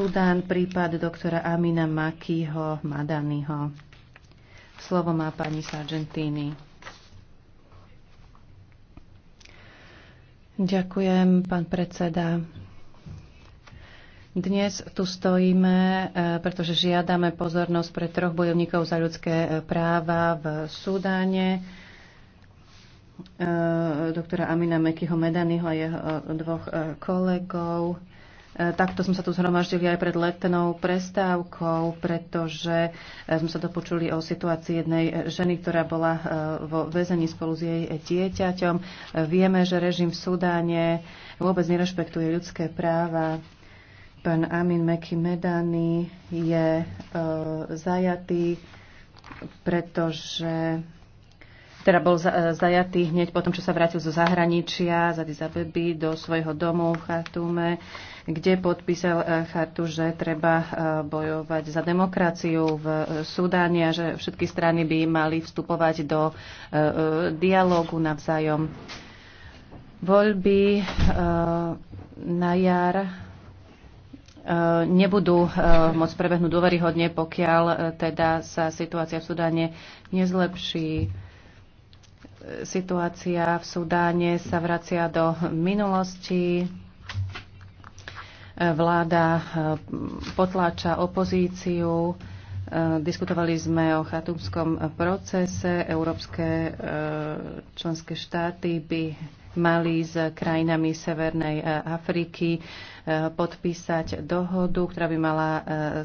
Sudán, prípad doktora Amina Makiho Madaniho. Slovo má pani Sargentini. Ďakujem, pán predseda. Dnes tu stojíme, e, pretože žiadame pozornosť pre troch bojovníkov za ľudské e, práva v Sudáne, e, doktora Amina Mekyho Medaniho a jeho dvoch kolegov. E, takto sme sa tu zhromaždili aj pred letnou prestávkou, pretože e, sme sa dopočuli o situácii jednej e, ženy, ktorá bola vo väzení spolu s jej dieťaťom. Vieme, že režim v Sudáne vôbec nerešpektuje ľudské práva. Pán Amin Meky Medani je zajatý, pretože teda bol zajatý hneď potom, čo sa vrátil zo zahraničia, za Addis do svojho domu v Chatume kde podpísal eh, chartu, že treba eh, bojovať za demokraciu v eh, Sudáne a že všetky strany by mali vstupovať do dialógu navzájom. Voľby na jar nebudú môcť prebehnúť dôveryhodne, pokiaľ teda sa situácia v Sudáne nezlepší situácia v Sudáne sa vracia do minulosti vláda eh, potláča opozíciu. Eh, diskutovali sme o chatumskom procese. Európske eh, členské štáty by mali s krajinami Severnej Afriky podpísať dohodu, ktorá by mala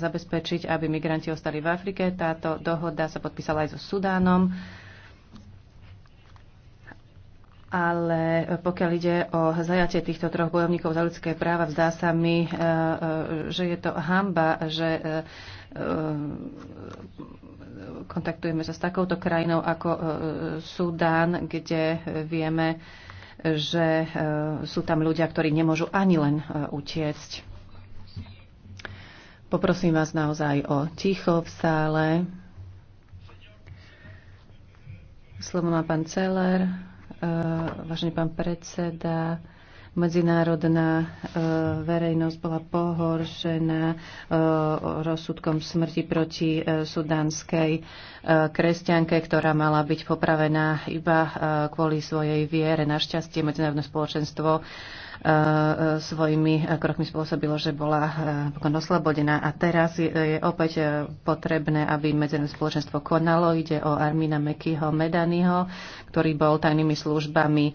zabezpečiť, aby migranti ostali v Afrike. Táto dohoda sa podpísala aj so Sudánom ale e, pokiaľ ide o zajatie týchto troch bojovníkov za ľudské práva, vzdá sa mi, e, e, že je to hamba, že kontaktujeme sa s takouto krajinou ako Sudán, kde vieme, že sú tam ľudia, ktorí nemôžu ani len utiecť. Poprosím vás naozaj o ticho v sále. Slovo má pán Celer vážený pán predseda, Medzinárodná e, verejnosť bola pohoršená e, rozsudkom smrti proti e, sudanskej kresťanke, ktorá mala byť popravená iba kvôli svojej viere. Našťastie medzinárodné spoločenstvo svojimi krokmi spôsobilo, že bola oslobodená. A teraz je opäť potrebné, aby medzinárodné spoločenstvo konalo. Ide o Armina Mekyho Medaniho, ktorý bol tajnými službami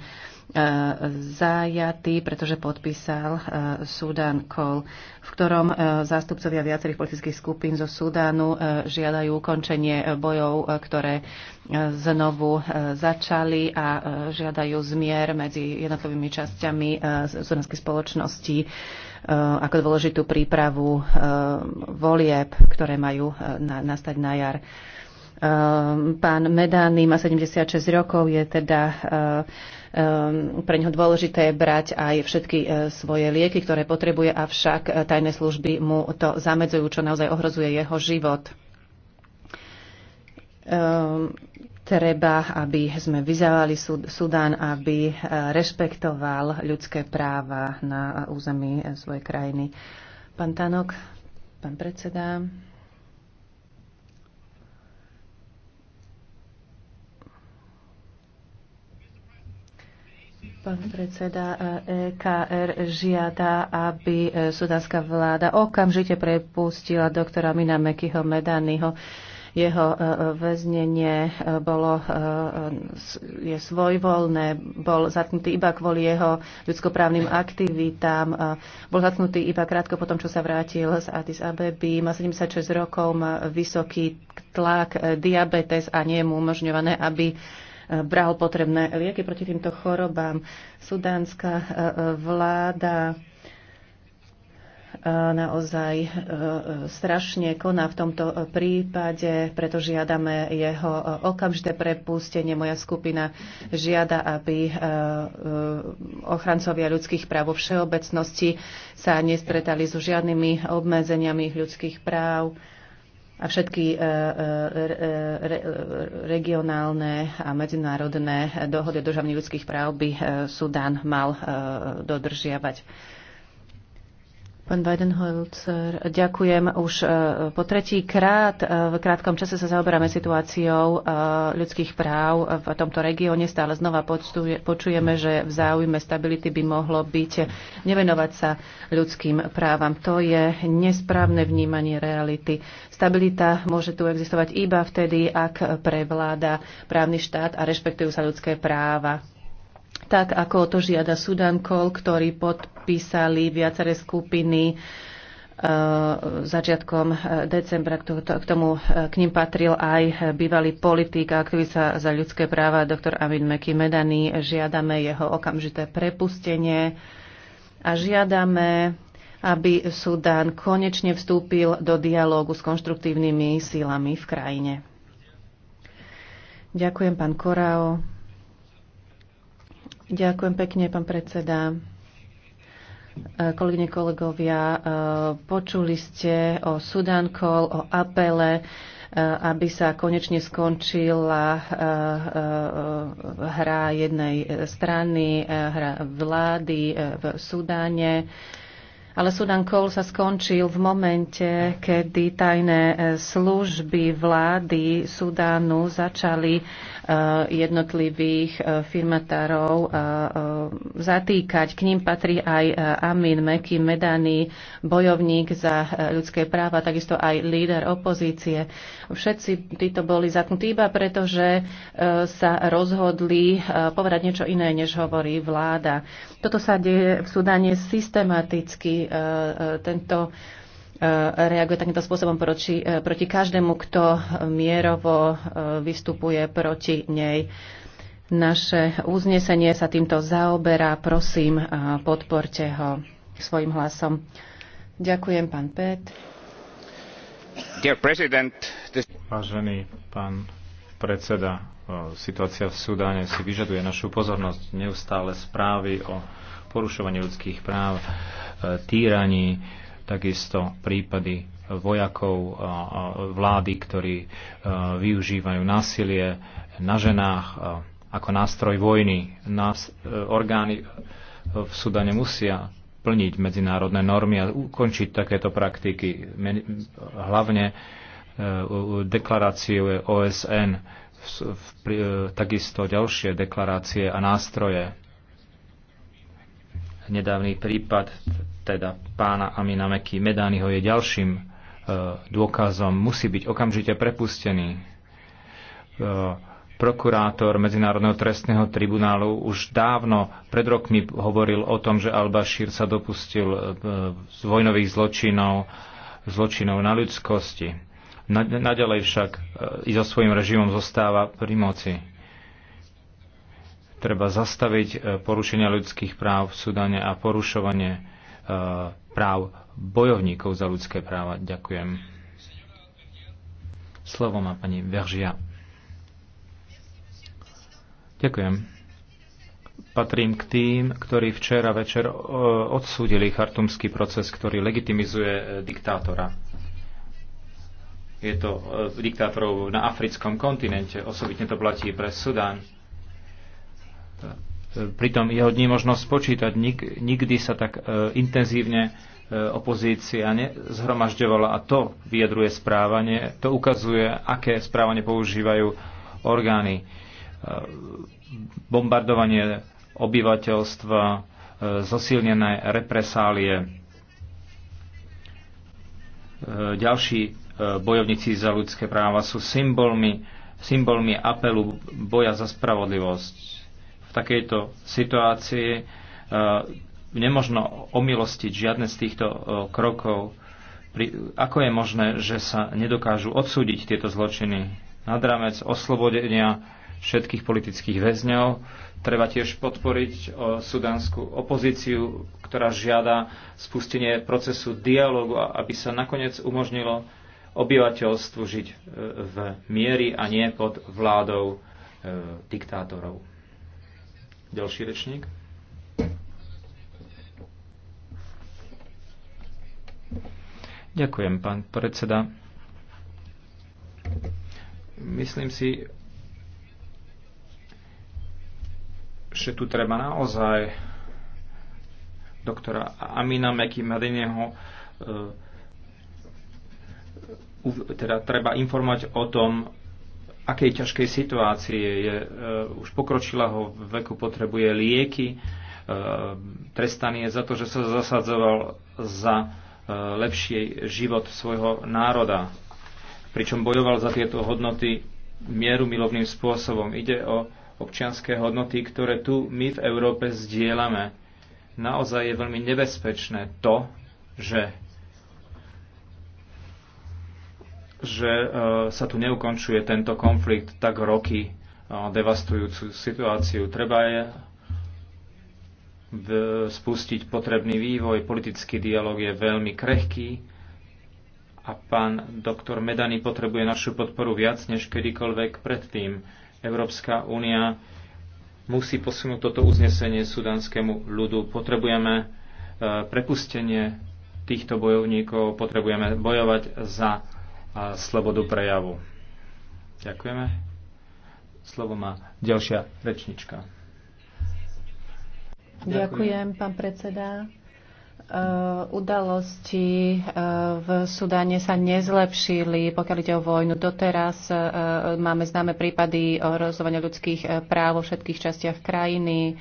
zajatý, pretože podpísal e, Sudan Call, v ktorom e, zástupcovia viacerých politických skupín zo Sudánu e, žiadajú ukončenie bojov, ktoré znovu začali a žiadajú zmier medzi jednotlivými časťami sudanskej spoločnosti ako dôležitú prípravu volieb, ktoré majú nastať na jar. Ehm, pán Medány má 76 rokov, je teda ehm, ehm, pre ňoho dôležité brať aj všetky e, svoje lieky, ktoré potrebuje, avšak e, tajné služby mu to zamedzujú, čo naozaj ohrozuje jeho život. Treba, aby sme vyzávali Sudán, aby e, rešpektoval ľudské práva na území svojej krajiny. Pán Tanok, pán predseda. Pán predseda EKR e žiada, aby e, sudánska vláda okamžite prepustila doktora Mina Mekyho Medanyho. Jeho e, väznenie bolo, je svojvoľné, bol zatknutý iba kvôli jeho ľudskoprávnym aktivitám, bol zatknutý iba krátko potom, čo sa vrátil z Addis Abeby, má 76 rokov, má vysoký tlak, diabetes a nie je mu umožňované, aby bral potrebné lieky proti týmto chorobám. Sudánska e, e, vláda e, naozaj strašne koná v tomto prípade, preto žiadame jeho okamžité prepustenie. Moja skupina žiada, aby ochrancovia ľudských práv vo všeobecnosti sa nestretali so žiadnymi obmedzeniami ľudských práv a všetky e, e, e, regionálne a medzinárodné dohody o državných ľudských práv by Sudán mal dodržiavať. Pán Weidenholzer, ďakujem. Už e, po tretí krát e, v krátkom čase sa zaoberáme situáciou e, ľudských práv v tomto regióne. Stále znova počujeme, že v záujme stability by mohlo byť nevenovať sa ľudským právam. To je nesprávne vnímanie reality. Stabilita môže tu existovať iba vtedy, ak prevláda právny štát a rešpektujú sa ľudské práva tak ako to žiada Sudan Call, ktorý podpísali viaceré skupiny eh, začiatkom eh, decembra. K, tomu, eh, k ním patril aj bývalý politik a aktivista za ľudské práva dr. Amin Meky Medany. Žiadame jeho okamžité prepustenie a žiadame, aby Sudán konečne vstúpil do dialógu s konštruktívnymi sílami v krajine. Ďakujem, pán Korao. Ďakujem pekne, pán predseda. E, kolegyne, kolegovia, e, počuli ste o Sudankol, o apele, e, aby sa konečne skončila hra jednej strany, hra vlády v Sudáne ale Sudan Cole sa skončil v momente, kedy tajné e, služby vlády Sudánu začali e, jednotlivých e, firmatárov zatýkať. K ním patrí aj Amin Meky Medani, bojovník za ľudské práva, takisto aj líder opozície. Všetci títo boli zatknutí iba preto, že sa rozhodli povedať niečo iné, než hovorí vláda. Toto sa deje v Sudáne systematicky Eh, eh, tento eh, reaguje takýmto spôsobom proti, proti každému, kto mierovo vystupuje proti nej. Naše uznesenie sa týmto zaoberá. Prosím, podporte ho svojim hlasom. Ďakujem, pán Pet. Vážený pán predseda, situácia v Sudáne si vyžaduje našu pozornosť. Neustále správy o porušovanie ľudských práv, e, týraní, takisto prípady vojakov vlády, ktorí e, využívajú násilie na ženách e, ako nástroj vojny. Nás, orgány v Sudane musia plniť medzinárodné normy a ukončiť takéto praktiky. Hlavne deklaráciu OSN, takisto ďalšie deklarácie a nástroje Nedávny prípad teda pána Amina Meky Medányho je ďalším e, dôkazom. Musí byť okamžite prepustený. E, prokurátor Medzinárodného trestného tribunálu už dávno pred rokmi hovoril o tom, že Al-Bashir sa dopustil e, z vojnových zločinov, zločinov na ľudskosti. Naďalej však i so svojím režimom zostáva pri moci Treba zastaviť e, porušenia ľudských práv v Sudane a porušovanie e, práv bojovníkov za ľudské práva. Ďakujem. Slovo má pani Veržia. Ďakujem. Patrím k tým, ktorí včera večer e, odsúdili chartumský proces, ktorý legitimizuje diktátora. Je to diktátorov na africkom kontinente, osobitne to platí pre Sudán pritom jeho dní možno spočítať. Nik, nikdy sa tak e, intenzívne e, opozícia zhromažďovala a to vyjadruje správanie, to ukazuje, aké správanie používajú orgány. E, bombardovanie obyvateľstva, e, zosilnené represálie. E, ďalší e, bojovníci za ľudské práva sú symbolmi, symbolmi apelu boja za spravodlivosť v takejto situácii e, nemožno omilostiť žiadne z týchto e, krokov. Ako je možné, že sa nedokážu odsúdiť tieto zločiny? Nad rámec oslobodenia všetkých politických väzňov treba tiež podporiť e, sudánsku opozíciu, ktorá žiada spustenie procesu dialogu, aby sa nakoniec umožnilo obyvateľstvu žiť v miery a nie pod vládou diktátorov. Ďalší rečník. Ďakujem, pán predseda. Myslím si, že tu treba naozaj doktora Amina Meky Madineho eh, teda treba informovať o tom, akej ťažkej situácii je. E, už pokročila ho v veku, potrebuje lieky, e, trestaný je za to, že sa zasadzoval za e, lepší život svojho národa. Pričom bojoval za tieto hodnoty mieru milovným spôsobom. Ide o občianské hodnoty, ktoré tu my v Európe zdieľame. Naozaj je veľmi nebezpečné to, že že e, sa tu neukončuje tento konflikt tak roky e, devastujúcu situáciu. Treba je spustiť potrebný vývoj. Politický dialog je veľmi krehký a pán doktor Medany potrebuje našu podporu viac než kedykoľvek predtým. Európska únia musí posunúť toto uznesenie sudanskému ľudu. Potrebujeme e, prepustenie týchto bojovníkov, potrebujeme bojovať za a slobodu prejavu. Ďakujeme. Slovo má ďalšia rečnička. Ďakujem, Ďakujem pán predseda. Uh, udalosti uh, v Sudáne sa nezlepšili, pokiaľ ide o vojnu. Doteraz uh, máme známe prípady o ľudských uh, práv vo všetkých častiach krajiny,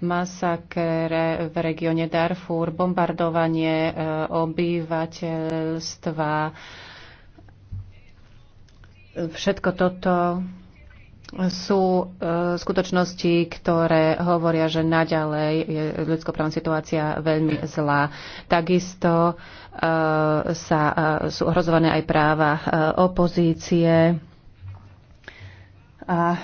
masakre v regióne Darfur, bombardovanie uh, obyvateľstva, Všetko toto sú e, skutočnosti, ktoré hovoria, že naďalej je ľudskoprávna situácia veľmi zlá. Takisto e, sa, e, sú ohrozované aj práva opozície a e,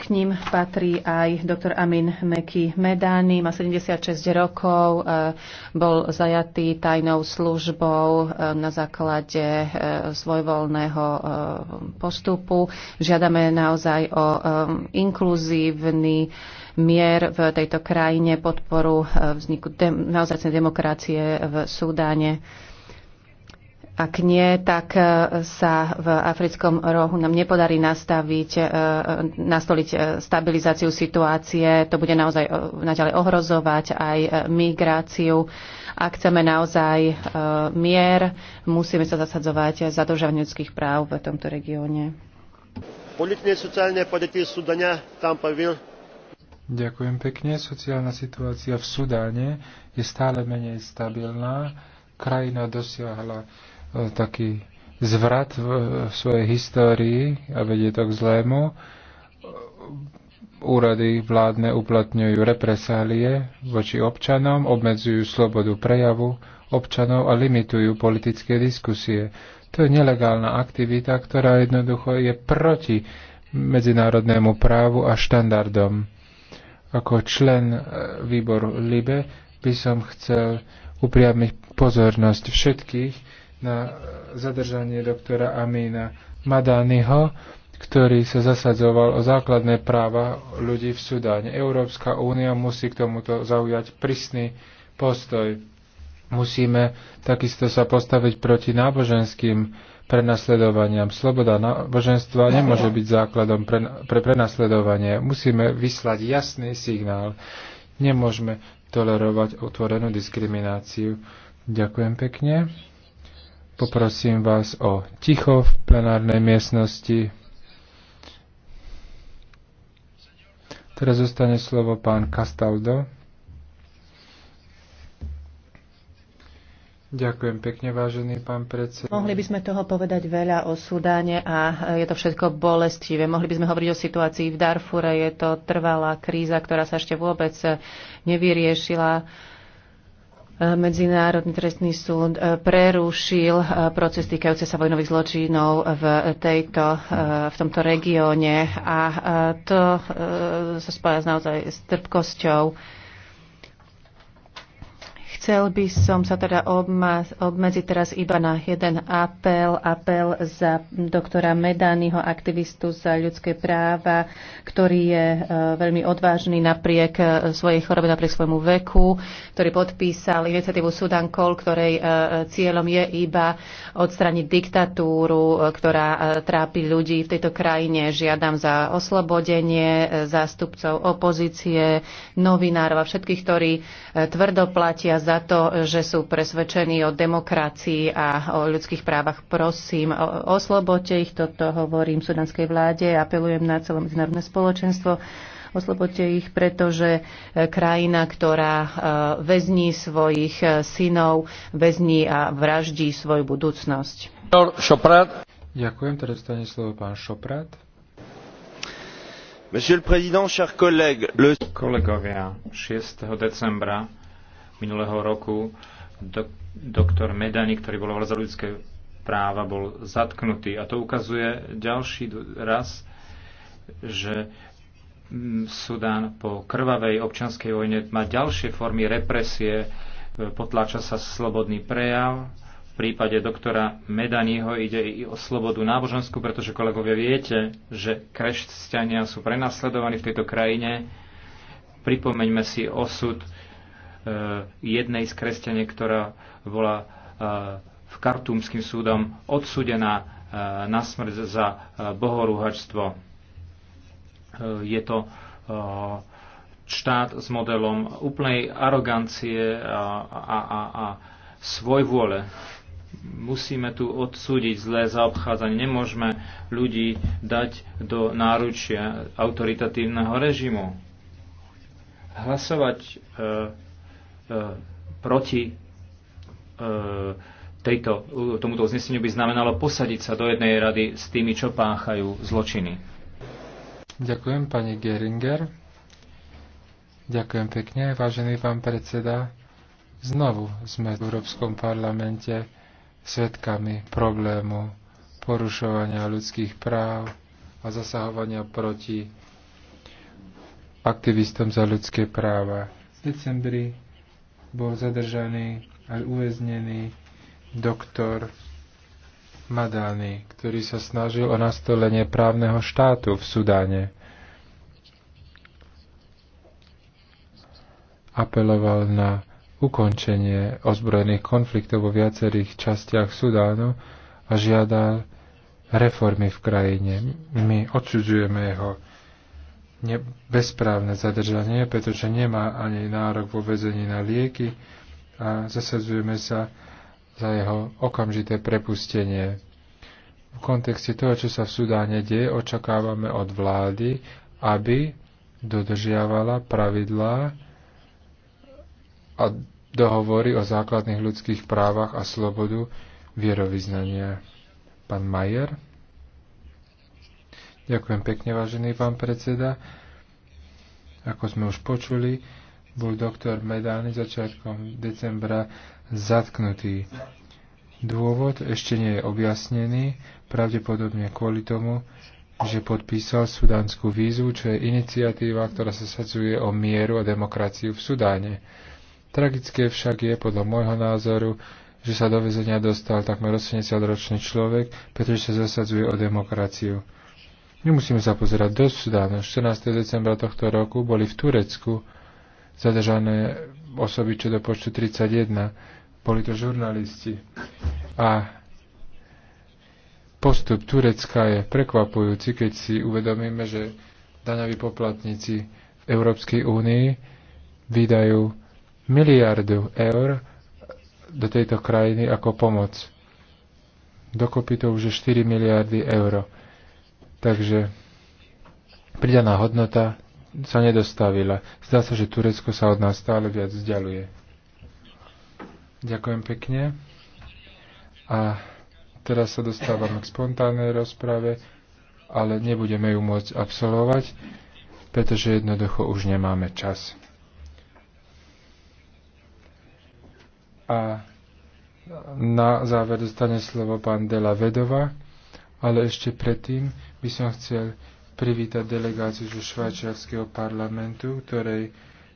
k ním patrí aj doktor Amin Meky Medány, má 76 rokov, e, bol zajatý tajnou službou e, na základe svojvoľného postupu. Žiadame naozaj o inkluzívny mier v tejto krajine, podporu vzniku dem- naozaj demokracie v Súdáne. Ak nie, tak e, sa v africkom rohu nám nepodarí nastaviť, e, nastoliť e, stabilizáciu situácie. To bude naozaj naďalej ohrozovať aj migráciu. Ak chceme naozaj mier, musíme sa zasadzovať za ľudských práv v tomto regióne. Politické sociálne podety Sudania tam pavil. Ďakujem pekne. Sociálna situácia v Sudáne je stále menej stabilná. Krajina dosiahla Eh, taký zvrat v, v svojej histórii a vedie to k zlému. Úrady vládne uplatňujú represálie voči občanom, obmedzujú slobodu prejavu občanov a limitujú politické diskusie. To je nelegálna aktivita, ktorá jednoducho je proti medzinárodnému právu a štandardom. Ako člen eh, výboru LIBE by som chcel upriamiť pozornosť všetkých, na zadržanie doktora Amína Madányho, ktorý sa zasadzoval o základné práva ľudí v Sudáne. Európska únia musí k tomuto zaujať prísny postoj. Musíme takisto sa postaviť proti náboženským prenasledovaniam. Sloboda náboženstva nemôže byť základom pre, pre prenasledovanie. Musíme vyslať jasný signál. Nemôžeme tolerovať otvorenú diskrimináciu. Ďakujem pekne. Poprosím vás o ticho v plenárnej miestnosti. Teraz zostane slovo pán Castaldo. Ďakujem pekne, vážený pán predseda. Mohli by sme toho povedať veľa o Sudáne a je to všetko bolestivé. Mohli by sme hovoriť o situácii v Darfure. Je to trvalá kríza, ktorá sa ešte vôbec nevyriešila Medzinárodný trestný súd e, prerušil e, proces týkajúce sa vojnových zločinov v, tejto, e, v tomto regióne a to sa spája naozaj s trpkosťou Chcel by som sa teda obmedziť teraz iba na jeden apel, apel za doktora Medányho, aktivistu za ľudské práva, ktorý je e, veľmi odvážny napriek e, svojej chorobe, napriek svojmu veku, ktorý podpísal iniciatívu Call, ktorej e, cieľom je iba odstraniť diktatúru, ktorá trápi ľudí v tejto krajine. Žiadam za oslobodenie zástupcov opozície, novinárov a všetkých, ktorí tvrdo platia za to, že sú presvedčení o demokracii a o ľudských právach. Prosím, oslobote ich, toto hovorím sudanskej vláde, apelujem na celé medzinárodné spoločenstvo, oslobote ich, pretože e, krajina, ktorá e, väzní svojich e, synov, väzní a vraždí svoju budúcnosť. Ďakujem, teraz stane slovo pán Šoprat monsieur le président chers collègues le. kolegovia. 6. decembra minulého roku do, doktor Medani, ktorý bol za ľudské práva, bol zatknutý. A to ukazuje ďalší raz, že mm, Sudán po krvavej občanskej vojne má ďalšie formy represie, e, potláča sa slobodný prejav. V prípade doktora Medaniho ide i o slobodu náboženskú, pretože kolegovia viete, že kresťania sú prenasledovaní v tejto krajine. Pripomeňme si osud Eh, jednej z kresťane, ktorá bola eh, v kartúmským súdom odsudená eh, na smrť za bohorúhačstvo. Je to štát s modelom úplnej arogancie a, a, a, a svoj vôle. Musíme tu odsúdiť zlé zaobchádzanie. Nemôžeme ľudí dať do náručia autoritatívneho režimu. Hlasovať E, proti e, tejto, e, tomuto uzneseniu by znamenalo posadiť sa do jednej rady s tými, čo páchajú zločiny. Ďakujem, pani Geringer. Ďakujem pekne, vážený pán predseda. Znovu sme v Európskom parlamente svetkami problému porušovania ľudských práv a zasahovania proti aktivistom za ľudské práva. V decembri bol zadržaný a uväznený doktor Madani, ktorý sa snažil o nastolenie právneho štátu v Sudáne. Apeloval na ukončenie ozbrojených konfliktov vo viacerých častiach Sudánu a žiadal reformy v krajine. My odsudzujeme jeho bezprávne zadržanie, pretože nemá ani nárok vo vezení na lieky a zasadzujeme sa za jeho okamžité prepustenie. V kontexte toho, čo sa v Sudáne deje, očakávame od vlády, aby dodržiavala pravidlá a dohovory o základných ľudských právach a slobodu vierovýznania. Pán Majer. Ďakujem pekne, vážený pán predseda. Ako sme už počuli, bol doktor Medány začiatkom decembra zatknutý. Dôvod ešte nie je objasnený, pravdepodobne kvôli tomu, že podpísal sudánsku vízu, čo je iniciatíva, ktorá sa sadzuje o mieru a demokraciu v Sudáne. Tragické však je, podľa môjho názoru, že sa do väzenia dostal takmer 80-ročný človek, pretože sa zasadzuje o demokraciu. Nemusíme sa pozerať do Sudánu. 14. decembra tohto roku boli v Turecku zadržané osoby, čo do počtu 31. Boli to žurnalisti. A postup Turecka je prekvapujúci, keď si uvedomíme, že daňoví poplatníci v Európskej únii vydajú miliardu eur do tejto krajiny ako pomoc. Dokopy to už je 4 miliardy eur Takže pridaná hodnota sa nedostavila. Zdá sa, že Turecko sa od nás stále viac vzdialuje. Ďakujem pekne. A teraz sa dostávame k spontánnej rozprave, ale nebudeme ju môcť absolvovať, pretože jednoducho už nemáme čas. A na záver dostane slovo pán Dela Vedova. Ale ešte predtým by som chcel privítať delegáciu zo švajčiarského parlamentu, ktorej,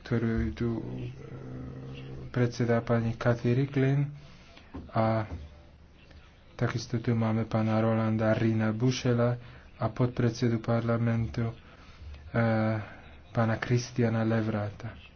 ktorú tu e, predsedá pani Kathy Ricklin a takisto tu máme pána Rolanda Rina Bušela a podpredsedu parlamentu e, pána Kristiana Levrata.